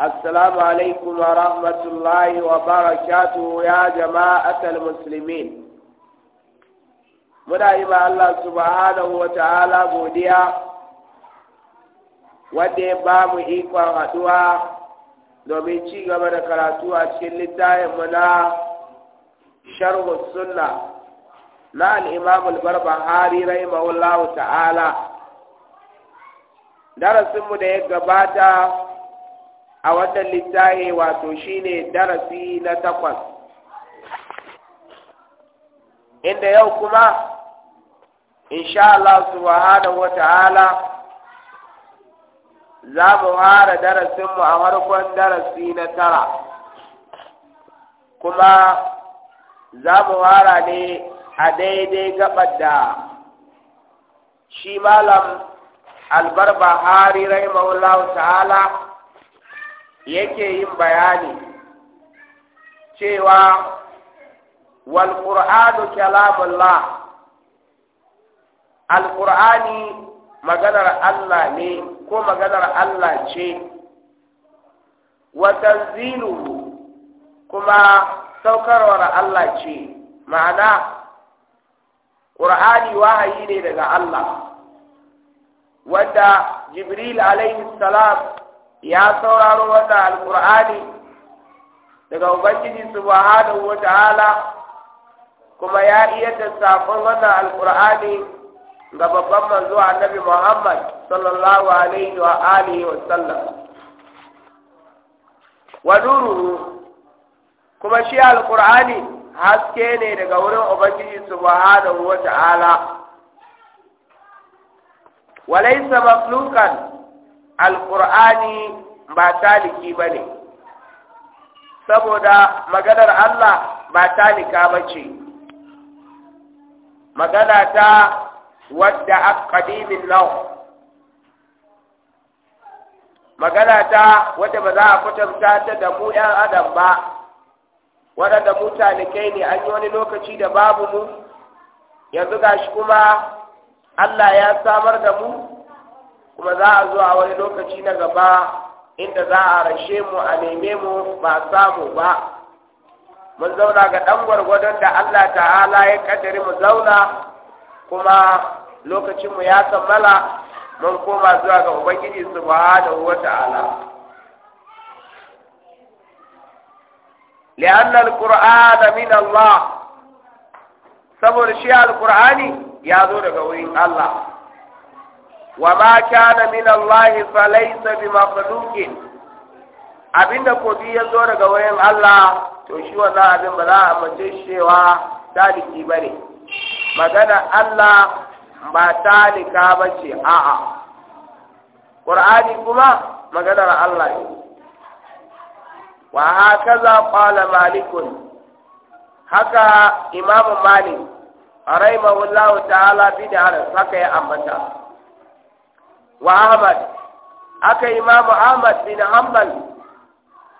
السلام rahmatullahi ورحمة الله وبركاته يا جماعة المسلمين muna yi ba Allah subhanahu wa ta'ala godiya wanda ya bamu mu ikon haɗuwa domin ci gaba da karatu a cikin littafinmu na sharhu sunna na al'imam al-barbahari rahimahullahu ta'ala darasinmu da ya gabata a wannan littafi wato shine darasi na takwas inda yau kuma insha Allah subhanahu ta'ala za mu fara darasinmu a farkon darasi na tara kuma za mu fara ne a daidai gabar da shi malam albarba bahari rahimahullahu ta'ala yake yin bayani cewa wal qur'anu kalamullah al maganar Allah ne ko maganar Allah ce wa kuma saukarwar Allah ce ma'ana ƙur'ani wahayi ne daga Allah wanda jibril alaihi salam ya sauraro wata alƙur'ani daga ubangiji subhanahu wa ta'ala kuma ya iya da safon wannan alƙur'ani ga babban manzo annabi muhammad sallallahu alaihi wa alihi wa sallam wa kuma shi alƙur'ani haske ne daga wurin ubangiji subhanahu wa ta'ala walaysa makhluqan alƙur'ani ba taliki ba ne saboda maganar Allah ba talika ba ce magana ta wadda ƙadimin nau magana ta wadda ba za a kwatanta ta da mu 'yan adam ba waɗanda mu talikai ne an yi wani lokaci da babu mu yanzu shi kuma Allah ya samar da mu kuma za a zo a wani lokaci na gaba inda za a rashe mu a neme mu ba samu ba mun zauna ga ɗan gwargwadon da Allah ta'ala ya kaddari mu zauna kuma lokacin mu ya kammala mun koma zuwa ga Ubangiji subhanahu wa ta'ala. لأن القرآن من الله saboda shi alkur'ani ya zo daga wurin Allah wa ma kana min Allah fa laysa bi makhluqin abinda ko bi ya zo daga wayan Allah to shi wannan abin ba za a mace cewa taliki bare. magana Allah ba talika bace a'a Qur'ani kuma maganar Allah ne wa hakaza qala malikun haka imamu malik rahimahullahu ta'ala bi da haka ya ambata wa Ahmad aka imamu Ahmad bin Hanbal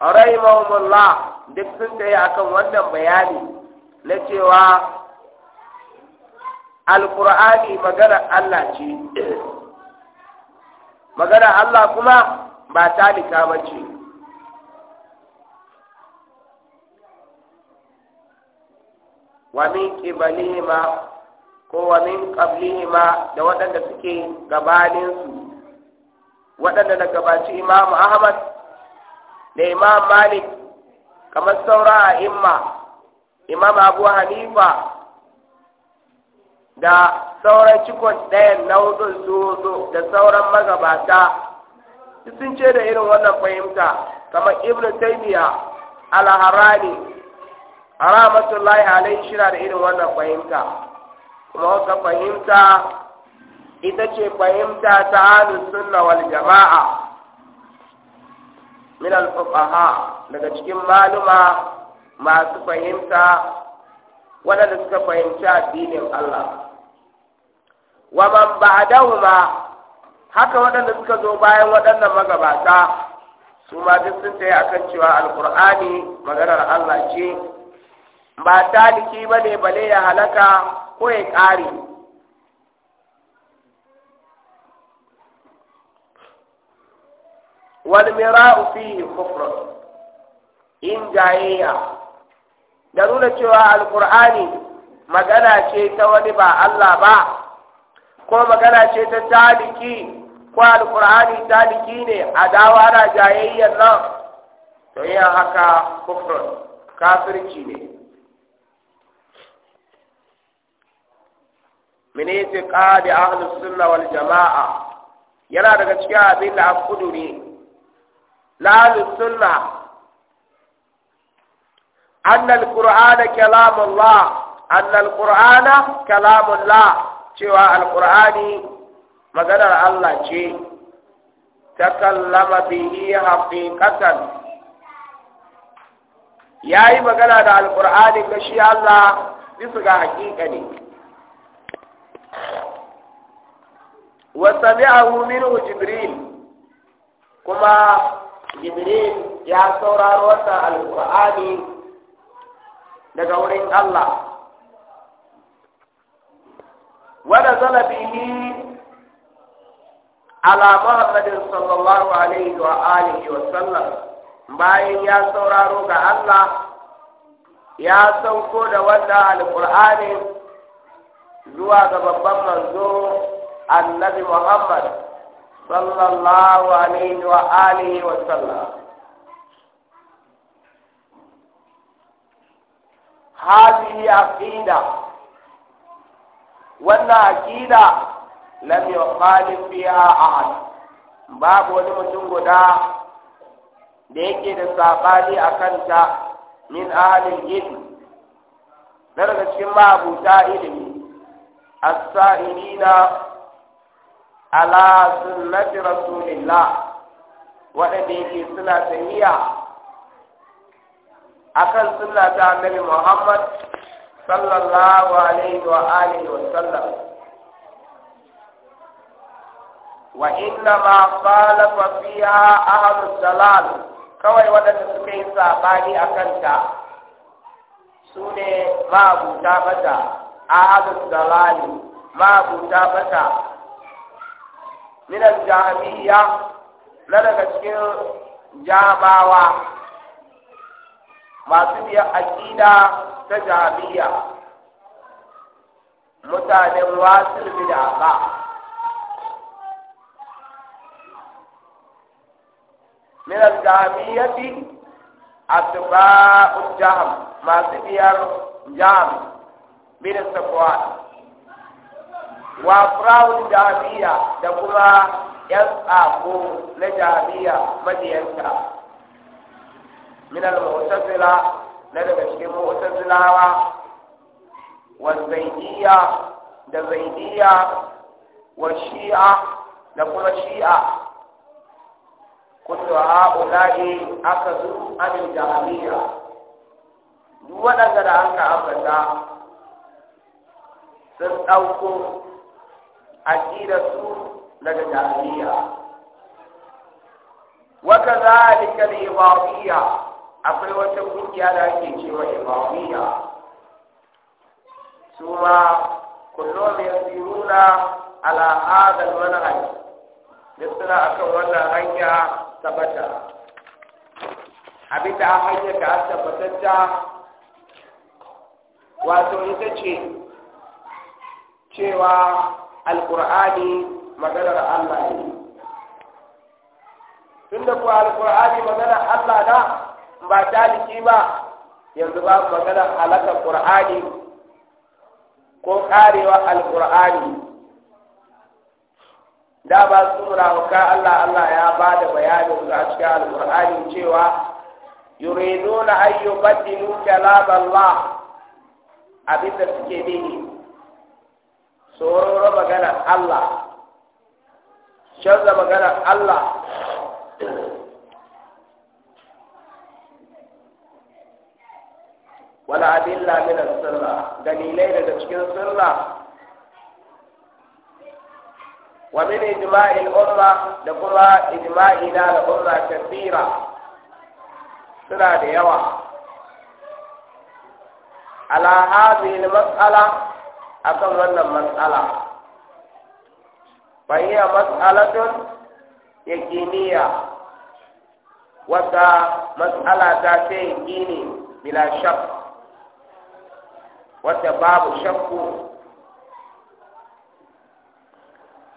rahimahumullah duk sun tsaye akan wannan bayani na cewa alkur'ani maganar Allah ce Allah kuma ba talika ba ce wa min qibalihima ko wa min qablihima da waɗanda suke gabaninsu waɗanda na gabaci imamu ahmad da imam malik kamar saura a imma imam abu hanifa da sauran cikon ɗayan na hudun su da sauran magabata sun ce da irin wannan fahimta kamar ibn taymiya al-harani rahmatullahi alaihi shi da irin wannan fahimta kuma wata fahimta ita ce fahimta ta halin sunna wal jama'a min al daga cikin maluma masu fahimta waɗanda suka fahimci addinin Allah wa man ma? haka waɗanda suka zo bayan waɗannan magabata su ma duk sun tsaye akan cewa alkur'ani maganar Allah ce ba taliki bane bale ya halaka ko ya ƙare wal mira'u fihi kufr in jayayya da nuna cewa alkur'ani magana ce ta wani ba Allah ba ko magana ce ta taliki ko alqur'ani taliki ne adawa ana jayayyan nan to yin haka kufr kafirci ne min itiqadi ahlus sunna wal jamaa yana daga cikin abin da akuduri لأهل السنة أن القرآن كلام الله أن القرآن كلام الله شوى القرآن مغنى الله شيء takallama bihi haqiqatan yayi magana da alqur'ani ga shi Allah bisa ga haqiqa ne wa sami'ahu jibril kuma jibril ya sauraro wata alƙur'ani daga wurin Allah wanda zala bihi ala muhammadin sallallahu alaihi wa alihi wa sallam bayan ya sauraro ga Allah ya sauko da wannan alƙur'ani zuwa ga babban manzo annabi muhammad Sallallahu alaihi wa'ale, wa'ale wasallama. Hasi ya fi da wannan aƙila na mai wakali Babu wani mutum guda da yake da saɓani a kanta yin adinin gizo. Na da ma abota ilimi. Asa ya daina. ala sunnati rasulillah waɗanda yake suna tahiya akan sunna ta annabi Muhammad sallallahu alaihi wa alihi wa sallam wa inna ma fa fiha ahlu dalal kawai waɗanda suka yi sabani akan ta su ne buta mata ahlu ma buta mata min al na daga cikin jamawa masu biya aqida ta jahmiyya mutanen wasil bid'a min al-jahmiyyati atba'u jaham masu biyar jaham bin safwan wa furawun jami'a da kuma yan tsako na jami'a majiyanta min al-mu'tazila na daga cikin mu'tazilawa wa zaidiya da zaidiya wa shi'a da kuma shi'a kullu aka zu anil jami'a duk waɗanda da aka ambata sun ɗauko aqidarsu daga jahiliya wa kadhalika al-ibadiyya akwai wata kungiya da ake cewa ibadiyya suma kullum ya yasiruna ala hadha al-manhaj yasira akan wannan hanya tabbata abinda an hanya da tabbatacca wato ita ce cewa alƙur'ani maganar Allah ne tun da kuwa alƙur'ani maganar Allah na ba taliki ba yanzu ba maganar halakar ƙur'ani ko karewa alƙur'ani da ba su munafuka Allah Allah ya ba da bayanin a cikin alƙur'ani cewa yuridu an yubaddilu kalam Allah abinda suke ne. tsoron maganar Allah canza maganar Allah wala adilla min sirra dalilai daga cikin sirra wa min ijma'il umma da kuma ijma'i da umma kathira suna da yawa ala hadhihi al-mas'ala akan wannan matsala fahiya don yaqiniya wata matsala ta ce yaqini bila shak wata babu shakku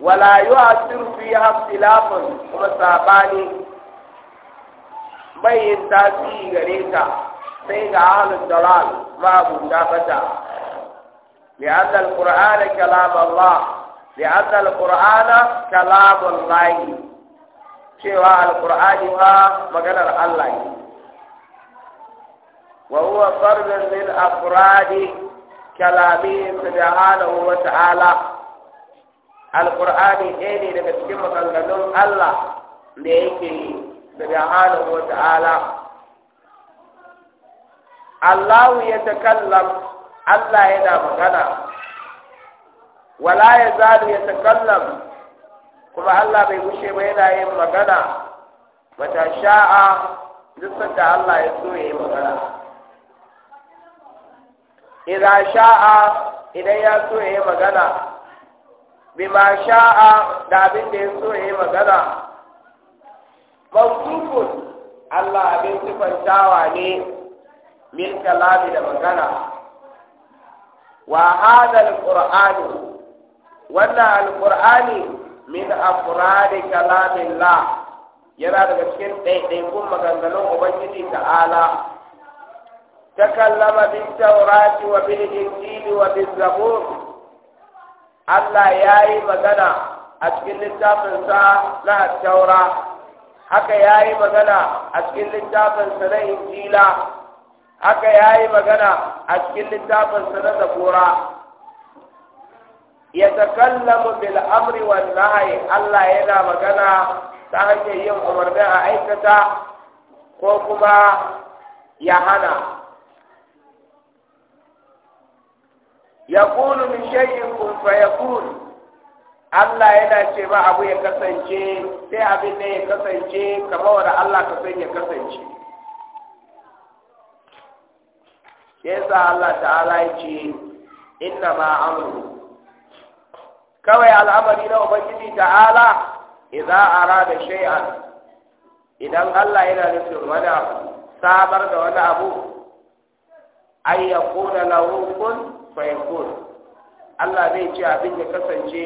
wala yu'athir fiha lafin kuma sabani bai yin tasiri gare ta sai ga halin dalal ma abu ta لأن القرآن كلام الله لأن القرآن كلام الله cewa alkur'ani ma maganar Allah ne wa huwa fardun min afradi kalami subhanahu wa ta'ala alkur'ani ɗaya ne daga cikin maganganun Allah da yake yi subhanahu wa ta'ala Allah Allah yana magana wala ya zalu ya takallam kuma Allah bai wuce ba yana yin magana mata sha'a duk da Allah ya so ya yi magana idan sha'a idan ya so ya yi magana bima sha'a da abin da ya so ya yi magana mawsufun Allah abin sifantawa ne min kalami da magana وهذا Alƙur'ani ولا القرآن من أفراد كلام الله yana daga cikin ɗaiɗaikun maganganun Ubangiji ta'ala ta kallama bin taurati wa bin injili wa bin zabur Allah ya yi magana a cikin littafinsa na taura haka ya yi magana a cikin littafinsa na injila haka ya yi magana a cikin littafin sa na zabura ya takallamu bil amri wan nahyi Allah yana magana ta hanyar yin umarni a aikata ko kuma ya hana yaqulu min shay'in kun Allah yana ce ba abu ya kasance sai abin da ya kasance kamar wanda Allah ka san ya kasance yasa Allah ta'ala ya ce inna ma amru kawai al'amari na ubangiji ta'ala idza arada shay'an idan Allah yana nufin wani abu sabar da wani abu ay yakuna lahu kun fayakun Allah zai ce abin ya kasance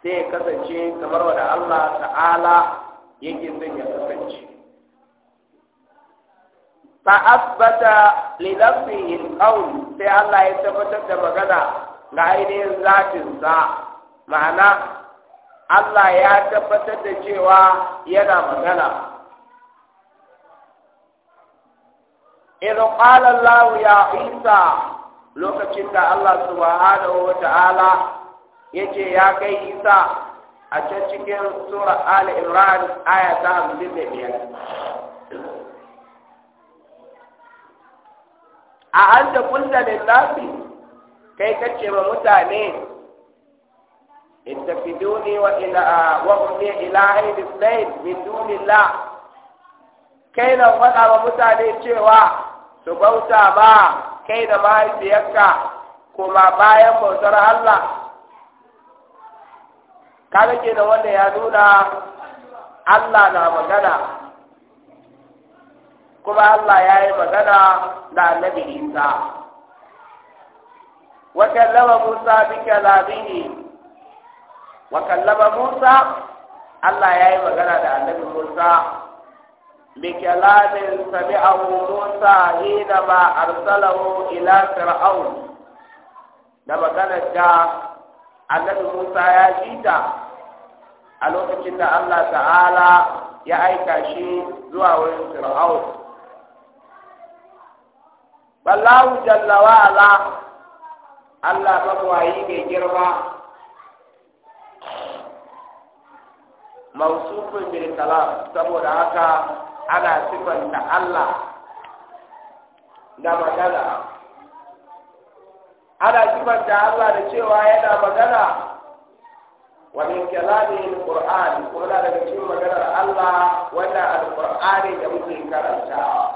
sai ya kasance kamar wanda Allah ta'ala yake son ya kasance fa'abbata li lafzihi alqawl sai Allah ya tabbatar da magana ga ainihin zatinsa, ma'ana Allah ya tabbatar da cewa yana magana idan qala Allah ya Isa lokacin da Allah subhanahu wa ta'ala ce ya kai Isa a can cikin sura Ali Imran aya ta biyar a an da kulla kai kace ma mutane ittafiduni wa ila wa qul ilahi bisayd min dunillah kai na faɗa wa mutane cewa su bauta ba kai da mahaifiyarka kuma bayan bautar Allah kaga kenan wanda ya nuna Allah na magana kuma Allah ya yi magana da annabi Isa. Wa Musa bi kalamihi wa Musa Allah ya yi magana da annabi Musa bi kalamin sami'ahu Musa hina ma arsalahu ila fir'aun da maganar da annabi Musa ya ji ta a lokacin da Allah ta'ala ya aika shi zuwa wurin fir'aun Ballahu jalla Allah, ala Allah mabwayi mai girma mausufin bil kalam saboda haka ana sifanta Allah da magana ana sifanta Allah da cewa yana magana wa min kalami al-Qur'an kuma daga cikin maganar Allah wanda al da muke karanta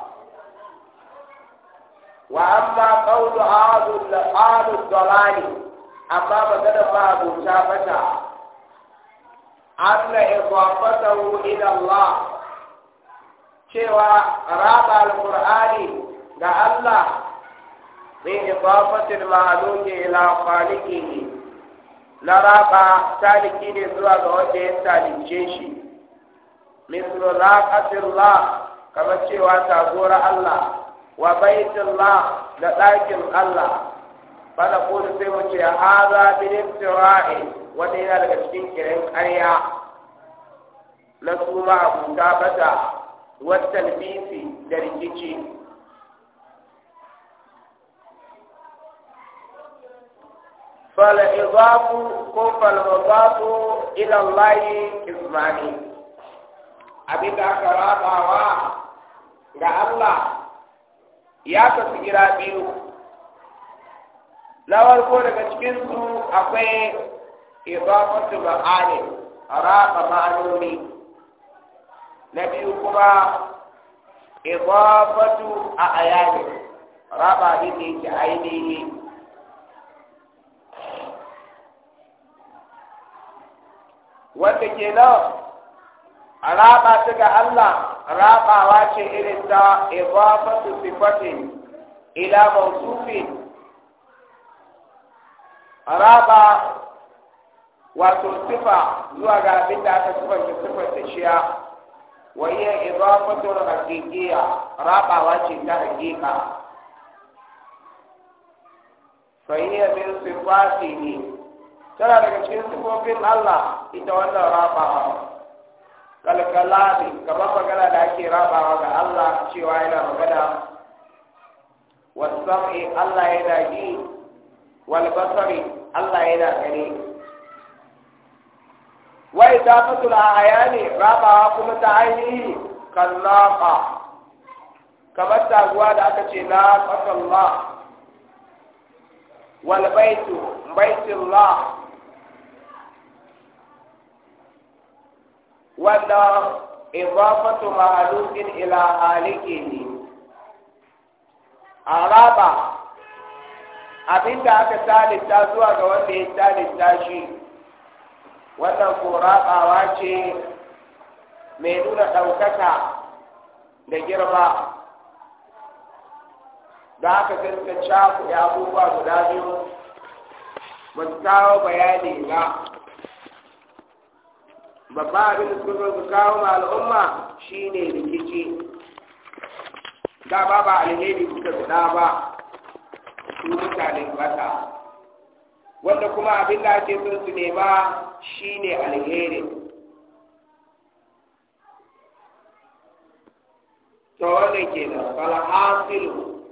وأما قول آل آل الضلال أما مثلا ما أبو أن إضافته إلى الله cewa raba Alkur'ani da Allah min idafatil mahaluki ila khaliqihi na raba taliki ne zuwa ga wanda ya talice shi mislu raqatillah kamar cewa Allah wa baitullah da ɗakin Allah bana ko sai mu ce hadha bil iftira'i wanda yana daga cikin kiran ƙarya na suma abu ta bata wata talbisi da rikici فالإضاف كم فالمضاف إلى الله إسماني أبي تأخر da Allah ya kasu gira biyu lawar ko daga su akwai ibamatu ma'ani raba ma'anoni na biyu kuma ibamatu a ayani raba abin ne ainihi wanda ke nan a raba su ga Allah rabawa ce irin ta idafatu sifatin ila mawsufin raba wato sifa zuwa ga abin da aka sifanta sifar da shiya wa iya idafatul haqiqiyya rabawa ce ta haqiqa fa iya min sifatihi tana daga cikin sifofin Allah ita wannan raba. kalkala ne kamar magana da ake rabawa ga Allah cewa yana magana wasam'i Allah yana ji wal basari Allah yana gani wa idafatul ayani rabawa kuma ta ainihi kallaqa kamar taguwa da aka ce la qatallah wal baitu baitullah wanda idafatu mahalukin ila halikihi araba abinda aka talita zuwa ga wanda ya talita shi wannan ko rabawa ce mai nuna ɗaukaka da girma da aka ganta ku ya abubuwa guda biyu ba kawo bayani ba babba abin da suka zo kawo ma al'umma shine rikici da ba ba alheri suka da ba su mutane bata wanda kuma abin da ake son su nema shine alheri to wannan kenan falhasilu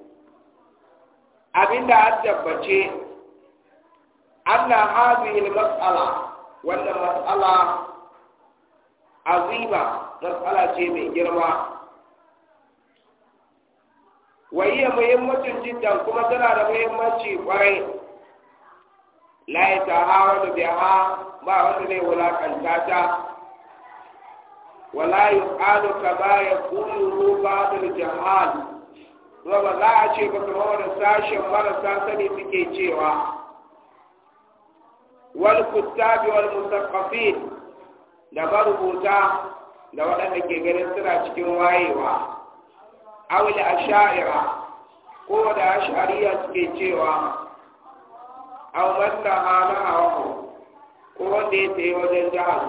abin da an tabbace an na al matsala, wannan mas'ala azima matsala ce mai girma wayya muhimmancin jiddan kuma tana da muhimmanci kwarai la ya hawa da biha ba wanda zai wulakanta ta wala yuqalu kama yaqulu ba'd al-jahal wa ba za a ce ba kamar wanda sashen marasa sani suke cewa wal kuttabi wal mutaqqafin da rubuta da waɗanda ke ganin suna cikin wayewa a sha'ira ko da shari'a suke cewa wanda ma hana hawa ko wanda ya sayi wajen jihar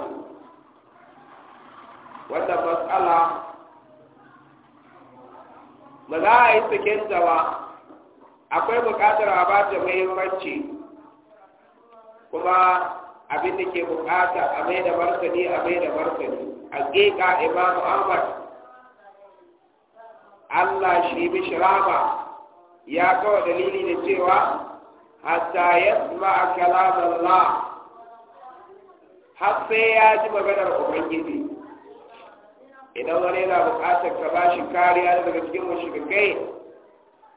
wata matsala ba za a yi sakin ba akwai buƙatar a ba ta muhimmanci kuma abin da ke bukata a mai da martani a mai da martani hakika imam ahmad Allah shi bi bishirama ya kawo dalili da cewa hatta yasma kalam Allah har sai ya ji maganar ubangiji idan wani yana bukatar ka ba shi kariya daga cikin mushrikai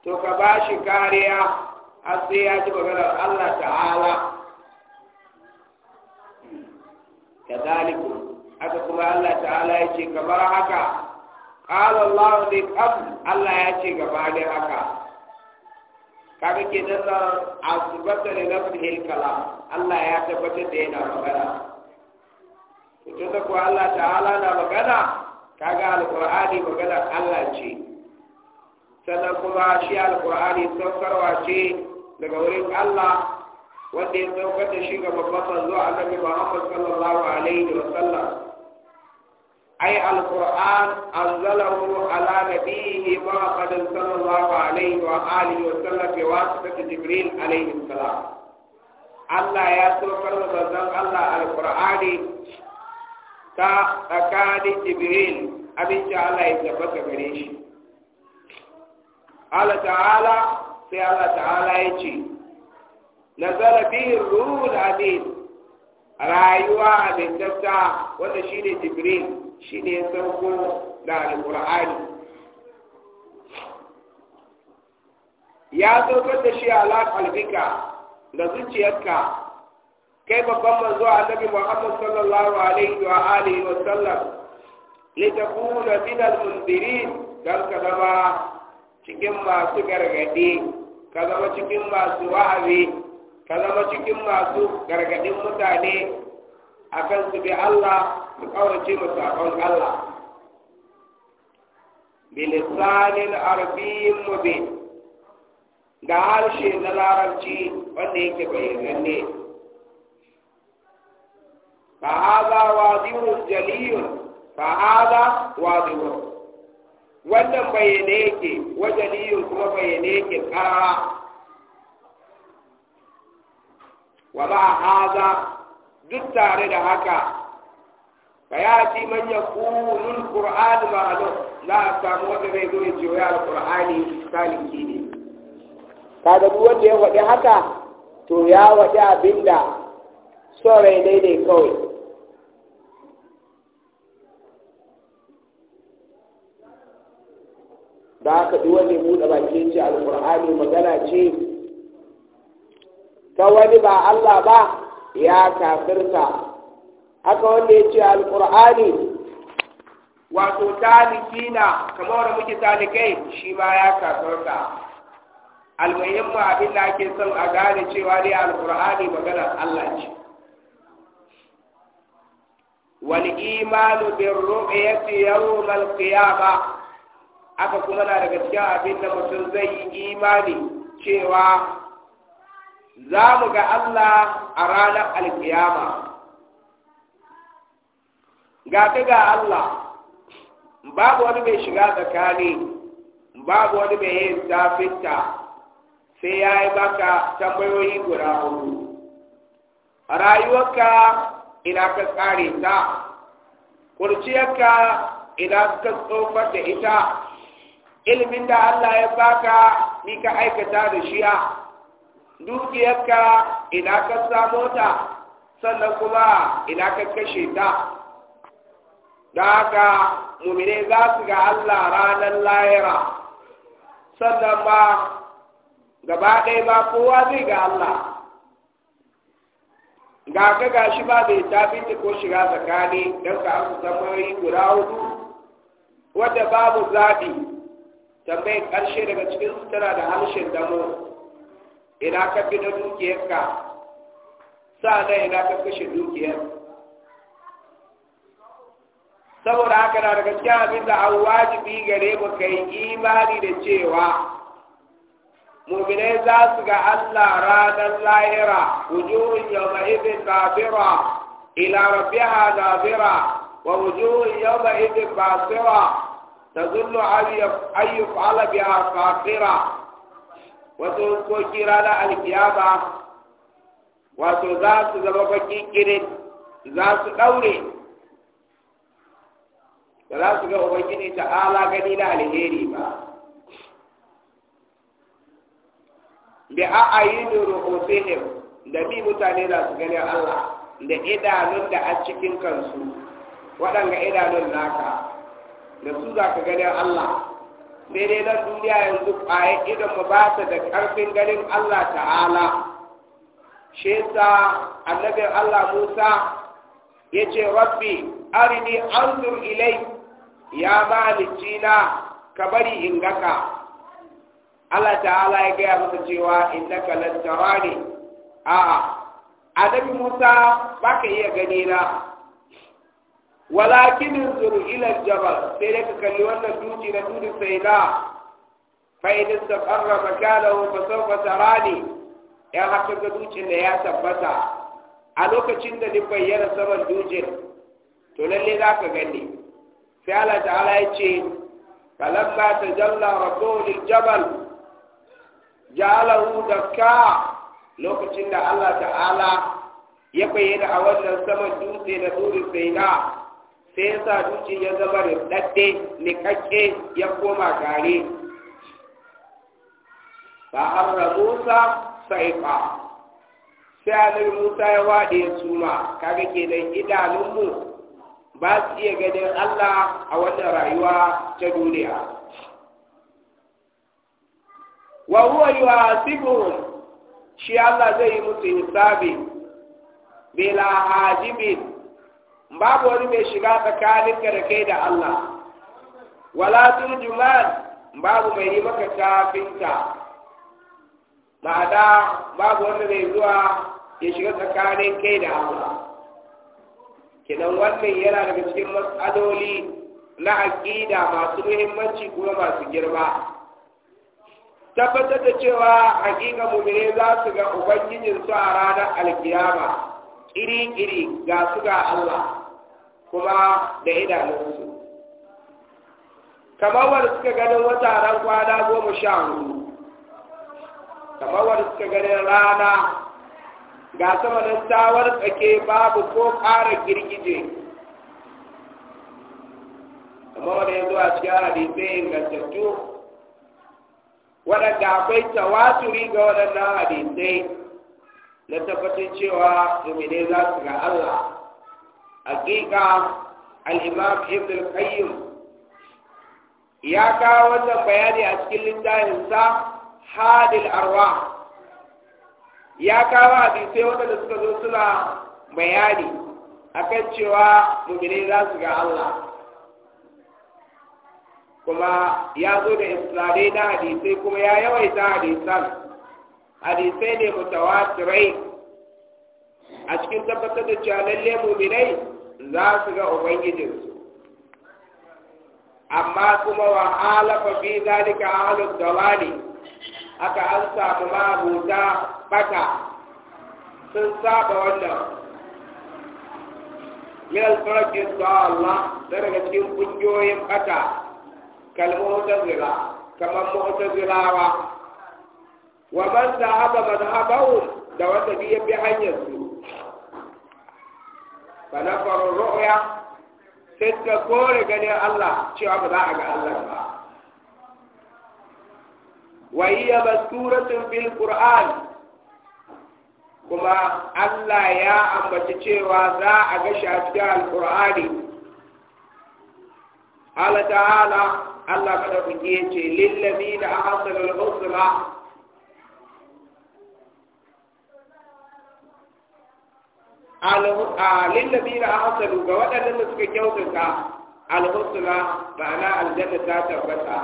to ka ba shi kariya har sai ya ji maganar Allah ta'ala kadhalikum aka kuma Allah ta'ala ya ce kamar haka qala Allah bi qabl Allah ya ce gaba da haka kaga ke da asbata li nafsihi al-kalam Allah ya tabbata da yana magana to da ko Allah ta'ala na magana kaga alqur'ani magana Allah ce sannan kuma shi alqur'ani saukarwa ce daga wurin Allah wanda ya saukar da shi ga babban manzo annabi Muhammad sallallahu alaihi wa sallam ai alquran anzalahu ala nabiyhi Muhammad sallallahu alaihi wa alihi wa sallam bi wasitati jibril alaihi salam Allah ya saukar da manzon Allah alqur'ani ta tsakanin jibril abinci Allah ya tabbata gare shi Allah ta'ala sai Allah ta'ala ya ce nazara bihi ruhul amin rayuwa abin dabta wanda shi shine jibril shi ya sauko da alqur'ani ya saukar da shi ala qalbika da zuciyarka kai babban manzo annabi Muhammad sallallahu alaihi wa alihi wa sallam litakuna min al dan ka zama cikin masu gargadi ka zama cikin masu wa'azi ka zama cikin masu gargadin mutane akan su bi Allah su kaurace masu akon Allah bilisanin arabiyin mubin ga harshe na larabci wanda yake bayyananne fa hadha wadihun jaliyun fa hadha wadihun wannan bayyane yake wajaliyun kuma bayyane yake ƙara. wa ba haza duk tare da haka bayati ya ci man yaqulul kunun qur'an ma'alu za a samu wanda zai zo ya qur'ani saliki ne da duk wanda ya waɗi haka to ya waɗi abinda sore dai daidai kawai da ka duk wanda ya bakin ji alqur'ani magana ce ta wani ba Allah ba ya kafirta haka wanda ya ce alƙur'ani wato taliki na kamar wanda muke talikai shi ma ya kafirta almuhimmu abin da ake son a gane cewa ne alƙur'ani maganar Allah ce Wani imanu bin ce yaro malkiya ba. aka kuma na daga cikin abin da mutum zai yi imani cewa za mu ga Allah a ranar alkiyama ga ta ga Allah babu wani mai shiga tsakani babu wani mai yin tafinta sai ya yi baka tambayoyi guda hudu rayuwarka ina ka tsare ta kurciyarka ina ka tsofar da ita ilimin da Allah ya baka ni ka aikata da shi'a dukiyarka ina ka ta sannan kuma ina ka kashe ta da haka mumine za su ga Allah ranar layara sannan ba gaba ɗaya ba kowa zai ga Allah ga ka gashi ba zai tafi ko shiga tsakani don ka amsa tambayoyi guda hudu wadda babu zaɓi tambayin ƙarshe daga cikin tana da harshen damo ina ka bi na dukiyarka sa'annan ina ka kashe dukiyar saboda haka na daga cikin abin da an wajibi gare mu kai imani da cewa mu'minai za su ga Allah ranar lahira wujuhun yawma idin nabira ila a nabira wa wujuhun yawma idin basira a an yuf'ala biha kafira wasu kira rana alkiyama wato za su zama baki kire za su daure ba za su ga ubangiji ala gani na alheri ba bi a'ayinu ruhusihim da bi mutane za su gani Allah da idanun da a cikin kansu waɗanga idanun naka da su za ka gani Allah sai dai na duniya yanzu ƙwaye idan mu ba ta da karfin ganin Allah ta'ala shi yasa annabin Allah Musa yace rabbi arini anzur ilai ya malikina ka bari in gaka Allah ta'ala ya gaya masa cewa innaka lan tarani a'a annabi Musa baka iya gani na walakin zuru ila jabal sai dai ka kalli wannan duki na tudu sai na fa idan tafarra makanahu fa sawfa tarani ya haka ga dukin da ya tabbata a lokacin da ni bayyana saman dukin to lalle za ka gani sai Allah ta'ala ya ce falamma tajalla rabbuhu lil jabal ja'alahu dakka lokacin da Allah ta'ala ya bayyana a wannan saman dutse da duri na sai ya sa duci ya zama ne nikakke ya koma gare ba harra musa sa, sai annabi musa ya wade ya suma kaga da idanunmu ba su iya ganin allah a wannan rayuwa ta duniya wa huwa yuhasibuhum shi Allah zai yi musu hisabi bila hajibin babu wani mai shiga tsakanin ka da kai da Allah wala turjuman babu mai yi maka tafinta ma'ana babu wanda mai zuwa ya shiga tsakanin kai da Allah kinan wannan yana daga cikin matsaloli na aƙida masu muhimmanci kuma masu girma tabbatar da cewa haƙiƙa mumine za su ga ubangijinsu a ranar alkiyama iri-iri ga su ga Allah kuma da idanunsu kamar wanda suka ganin wata ran kwana goma sha hudu kamar wanda suka ganin rana ga sama da tsawar tsake babu ko ƙara girgije kamar wanda ya zo a cikin hadisai ingantattu waɗanda akwai tawaturi ga waɗannan hadisai na tabbatar cewa mumine za su ga Allah hakika al-imam ibn ya kawo wannan bayani a cikin littafin sa hadil arwa ya kawo hadisai waɗanda suka zo suna bayani akan cewa mu'minai za su ga Allah kuma ya zo da isnadai na hadisai kuma ya yawaita hadisan hadisai ne mutawatirai a cikin tabbatar da cewa lalle mu'minai za su ga ubangijinsu amma kuma wa halafa fi zalika ahlud dawali aka an samu mabuta bata sun saba wannan min da farqi dalla daga cikin kungiyoyin bata kalmota zira kamar mu'tazilawa wa man dhahaba madhhabahum da wata biya bi hanyar su fa nafaru ru'ya sai ta kore ganin Allah cewa ba za a ga Allah ba wa hiya masturatun bil qur'an kuma Allah ya ambaci cewa za a ga shi a cikin alqur'ani Allah ta'ala Allah kada ku ce lillazina ahsanu al-husna alin da ah, lillazina ahsanu ga waɗannan da suka kyautata alhusna ma'ana aljanna ta tabbata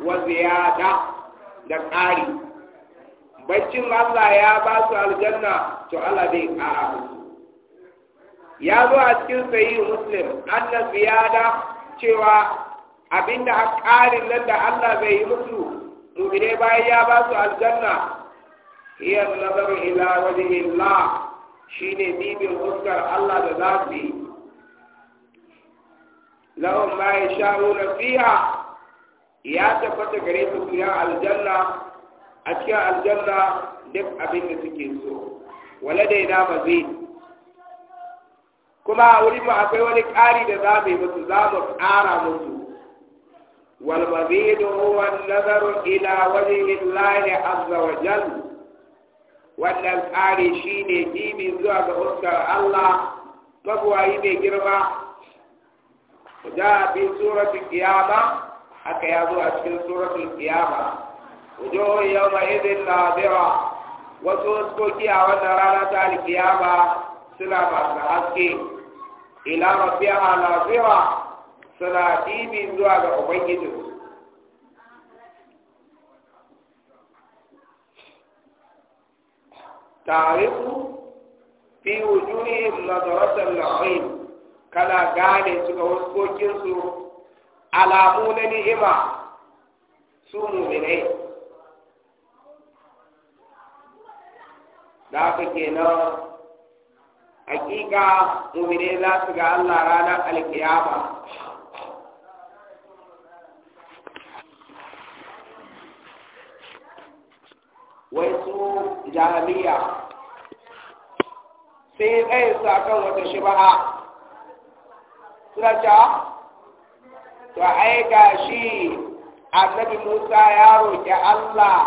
wa ziyada da ƙari baccin Allah ya ba su aljanna to Allah zai ƙara musu ya zo a cikin sayi muslim Annan ziyada cewa abinda a ƙarin nan da Allah bai yi musu mu'mine bayan ya ba su aljanna hiya nazaru ila wajhi Allah Shi ne bibin fuskar Allah da za su yi Lawan lahum ma na fiya ya tabbata gare su fiya aljanna a cikin aljanna duk abin da suke so wala dai na mazi kuma a wurin mu akwai wani ƙari da za mu yi musu za mu ƙara musu والمزيد هو النظر إلى وجه الله عز وجل wannan tsari shi ne gibi zuwa ga huskar Allah magwayi mai girma da fi tsoratun kiyama aka ya zuwa a cikin kiyama. qiyama yau ma izin nadira wasu huskoki a wannan rana ta alkiyama suna masu haske ila rabbiha nadira suna dibi zuwa ga ubangijinsu تعرف في وجوههم نظرة العين kana gane su ga waskokinsu alamu na ni'ima su muminai da haka kenan hakika muminai za su ga Allah ranar alkiyama wai su jahiliya sai ɗaya su akan wata shi ba. suna ta to ai gashi annabi Musa ya roƙi Allah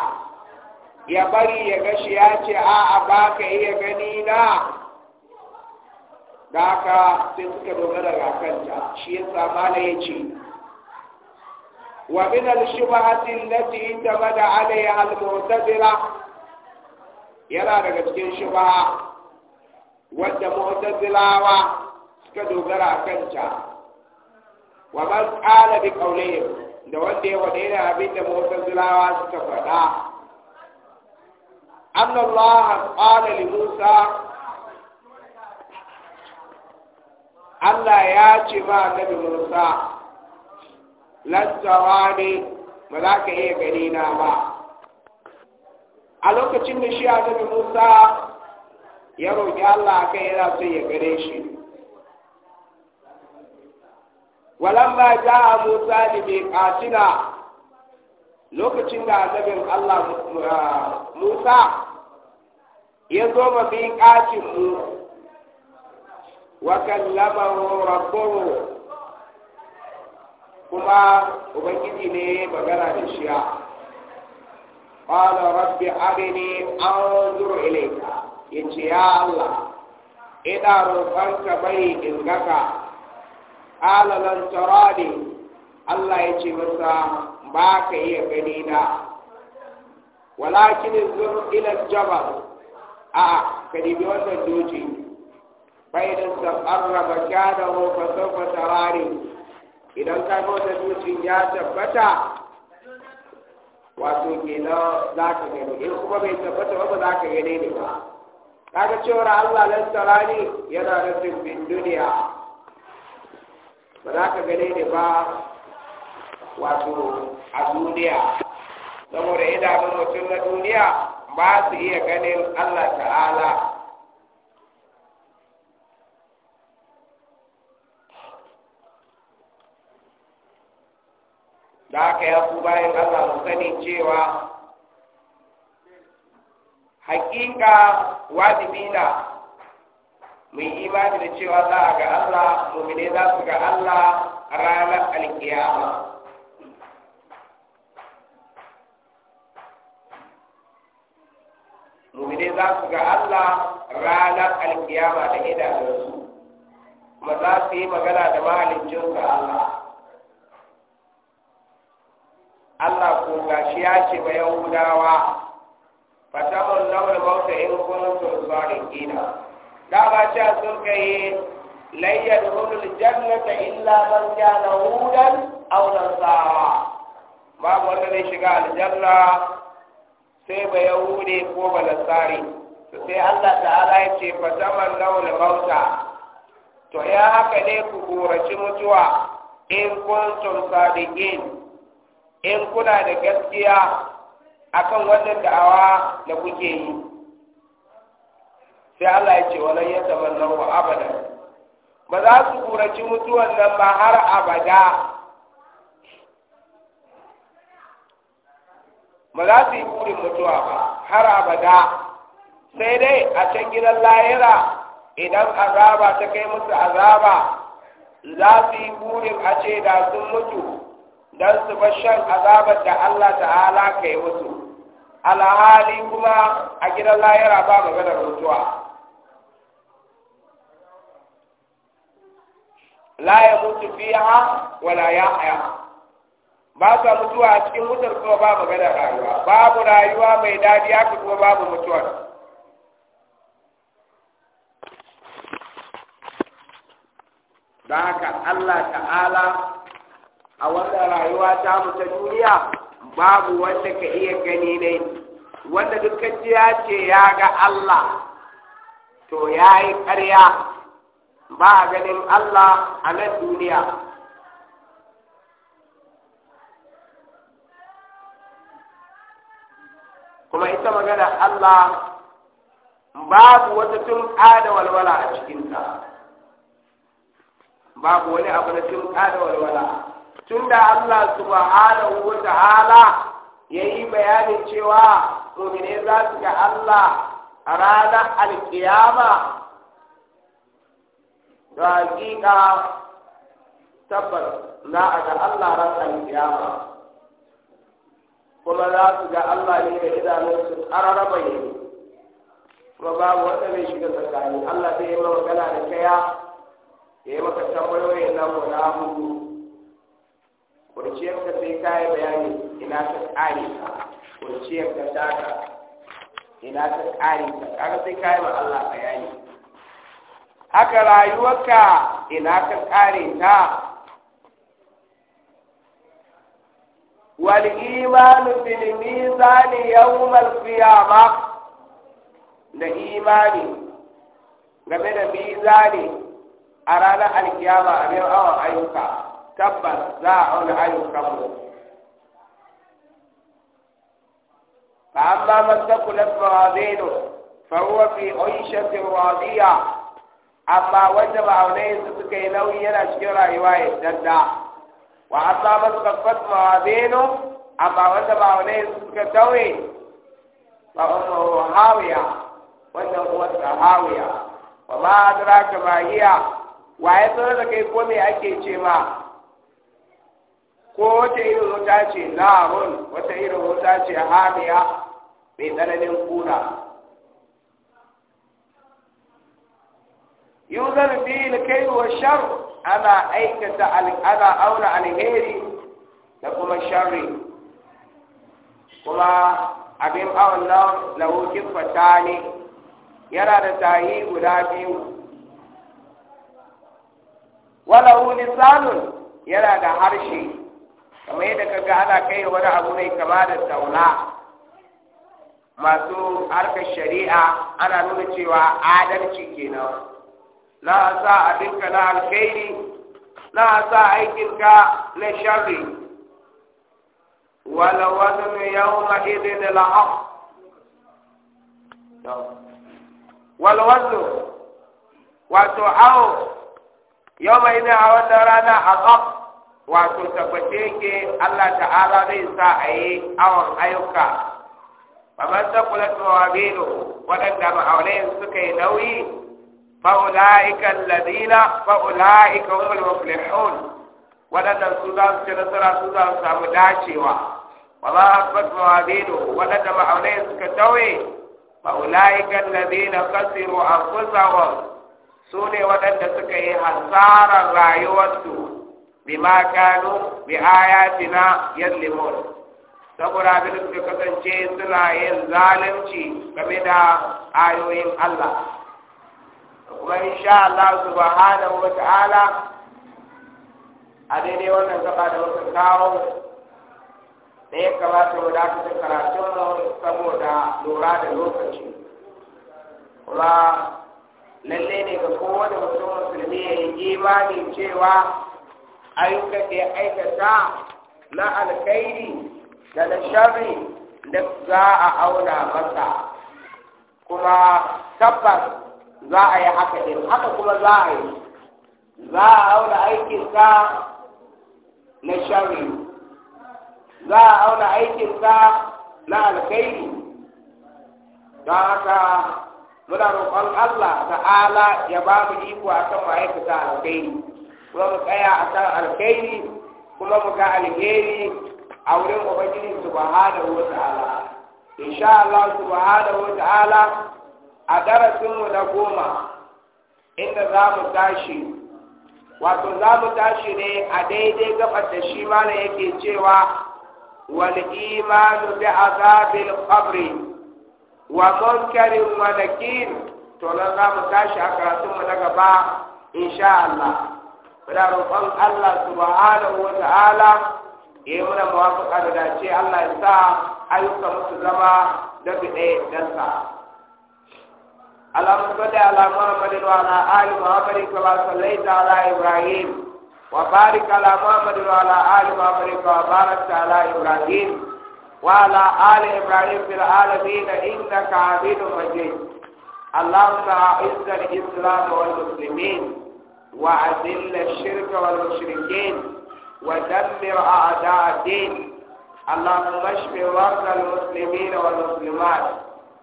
ya bari ya gashi ya ce a'a ba ka iya gani na da sai suka dogara ga kanta shi ya samu ya ce ومن الشبهات التي اعتمد عليها المعتزلة يلا نقسكين شبهة وانت معتدلة وكدو برا كنشا ومن قال بقولهم ده وانت بيت معتدلة وانت أن الله قال لموسى الله ياتي ما نبي موسى lasawa ne ba za ka iya gani na ba a lokacin da shi annabi Musa ya roƙi Allah kai yana so ya gare shi walamma jaa Musa li miqatina lokacin da annabin Allah uh, Musa ya zo ma miqatin mu wa kallama rabbuhu kuma ubangiji ne magana da shiya qala rabbi arini an zuru ilaika ya ce allah ina ka bai in gaka ƙalalan lan tarani allah ce masa ba ka iya gani na walakin zuru ilan jabal a kadibi wannan doji fa idan taqarraba ba wa fa sawfa idan ka ga wata dutsen ya tabbata wato kenan za ka gani in kuma bai tabbata ba ba za ka gani ne ba kaga cewar Allah lan sarani yana nufin bin duniya ba za ka gani ne ba wato a duniya saboda idanun mutum na duniya ba su iya ganin Allah ta'ala da haka ya ku bayan Allah mu sani cewa hakika wajibi na mu yi imani da cewa za a ga Allah mumine za su ga Allah ranar alkiyama mumine za su ga Allah ranar alkiyama da idanunsu kuma za su yi magana da mahaliccinsu Allah ko shi ya ce ba yahudawa fatahun lawal bauta in kuntum sadiqina da ba ta sun kai lan yadkhulul jannata illa man kana hudan aw nasara babu wanda ne shiga aljanna sai ba yahude ko ba nasari sai Allah ta'ala ya ce fatahun lawal bauta. to ya haka ne ku goraci mutuwa in kuntum sadiqina in kuna da gaskiya akan wannan da'awa da kuke yi sai Allah ya ce walan ya wa abada ba za su kuraci mutuwan nan ba har abada ba za su yi kurin mutuwa ba har abada sai dai a can gidan layira idan azaba ta kai musu azaba za su yi burin a ce da sun mutu don su bar shan azabar da Allah ta'ala ka yi musu alhali kuma a gidan lahira ba maganar mutuwa la ya mutu fiha wala ya haya ba sa mutuwa a cikin wutar kuma ba maganar rayuwa babu rayuwa mai dadi haka kuma babu mutuwar Da haka Allah ta'ala a wannan rayuwa ta mu ta duniya babu wanda ka iya gani ne wanda dukkan ya ce ya ga Allah to ya yi ƙarya ba a ganin Allah a nan duniya kuma ita magana Allah babu wata tun ƙada walwala a cikinta babu wani abu na tun ƙada walwala tunda Allah subhanahu hala, ya yayi bayanin cewa mu'mine za su ga Allah a ranar alkiyama da hakika tabbas za a ga Allah ran alkiyama kuma za su ga Allah ne da idanunsu ƙararraba ne kuma babu wanda mai shiga tsakani Allah zai yi magana da kaya ya yi maka tambayoyin nan mu na hudu kurciyarka sai ta yi bayani ina ta ƙare ka kurciyarka ta ka ina ta ƙare ka kaga sai ka yi ma Allah bayani haka rayuwarka ina ka ƙare ta wal imanu fil mizani yawmal qiyama da imani game da mizani a ranar alkiyama a awan ayyuka تبت زاع العين قبله فأما من ثقلت موازينه فهو في عيشة راضية أما وجب عليه صدق إنه ينشر رواية جدا وأما من خفت موازينه أما وجب عليه صدق توي فأمه هاوية وأنه هو هاوية وما أدراك ما هي وأيضا لك يكون أكيد شيء ko wata irin wuta ce narun wata irin wuta ce hamiya mai tsananin kuna yuzar bil kai wa shar ana aikata ana auna alheri da kuma shari kuma abin awon nan lawokin fata ne yana da tahi guda biyu wala salon yana da harshe kamar yadda ka ga ana kai wani abu mai kama da taula masu harkar shari'a ana nuna cewa adalci kenan na sa abinka na alkhairi na sa aikinka na sharri wala wazanu yawma idin al-haq wal wasu wato awo yawma idin a wannan rana a wato tabbace ke Allah ta'ala zai sa a yi awon ayyuka faman takulat mawabinu waɗanda ma'aunayin suka yi nauyi fa'ula'ika alladina fa'ula'ika humul muflihun waɗannan su za su ci nasara su za su samu dacewa wama abbat mawabinu waɗanda ma'aunayin suka tauye fa'ula'ika alladina kasiru anfusahum su ne waɗanda suka yi hasarar rayuwarsu bima kanu bi ayatina yadlimun saboda abin da kasance suna yin zalunci game da ayoyin Allah kuma insha Allah subhanahu wa ta'ala a daidai wannan gaba da wasu kawo da ya kamata mu dakatar karatun saboda lura da lokaci kuma lalle ne ga kowane mutum musulmi ya yi imanin cewa ayyuka da ya aikata na alkhairi da na shari da za a auna masa kuma tabbas za a yi haka din haka kuma za a yi za a auna aikinsa na shari za a auna aikinsa na alkhairi don haka muna roƙon Allah ta'ala ya ba mu iko a kan ma'aikata alkhairi kuma mu tsaya a kan alkhairi kuma mu ga alheri a wurin ubangiji subhanahu wa ta'ala insha Allah subhanahu wa ta'ala a darasin mu na goma inda za mu tashi wato za mu tashi ne a daidai gabar da shi mana yake cewa wal imanu bi azabil qabr wa munkar wa nakir to nan za mu tashi a karatunmu na gaba insha Allah kula roƙon Allah ala wa ta'ala ya yi muna mawafiƙa da dace Allah ya sa ayyuka musu zama da fiɗe ɗansa. Alamun sada alamun Muhammadin wa ala Ali Muhammadin kala sallai ta ala Ibrahim wa barika ala Muhammadin wa ala Ali Muhammadin kala barak ta ala Ibrahim wa ala Ali Ibrahim fil alamin da inda ka abinu majid. Allahumma a'izzal Islam wal Muslimin. وأذل الشرك والمشركين ودمر أعداء الدين اللهم اشف مرضى المسلمين والمسلمات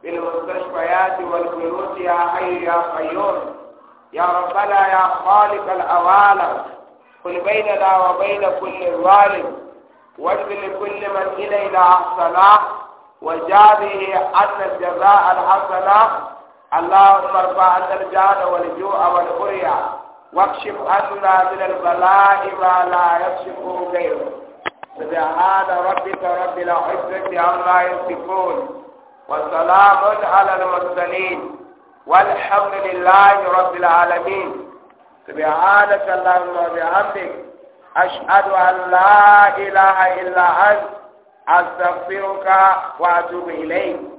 في المستشفيات والبيوت يا حي يا قيوم يا ربنا يا خالق الأوالم قل بيننا وبين كل ظالم وانزل لكل من إلينا أحسنا وجابه أن الجزاء الحسنة اللهم ارفع عنا الجهل والجوع والبريا واكشف عنا من البلاء ما لا يكشفه غيره سبحان ربك رب العزة عما يصفون وسلام على المرسلين والحمد لله رب العالمين سبحانك اللهم وبحمدك أشهد أن لا إله إلا أنت أستغفرك وأتوب إليك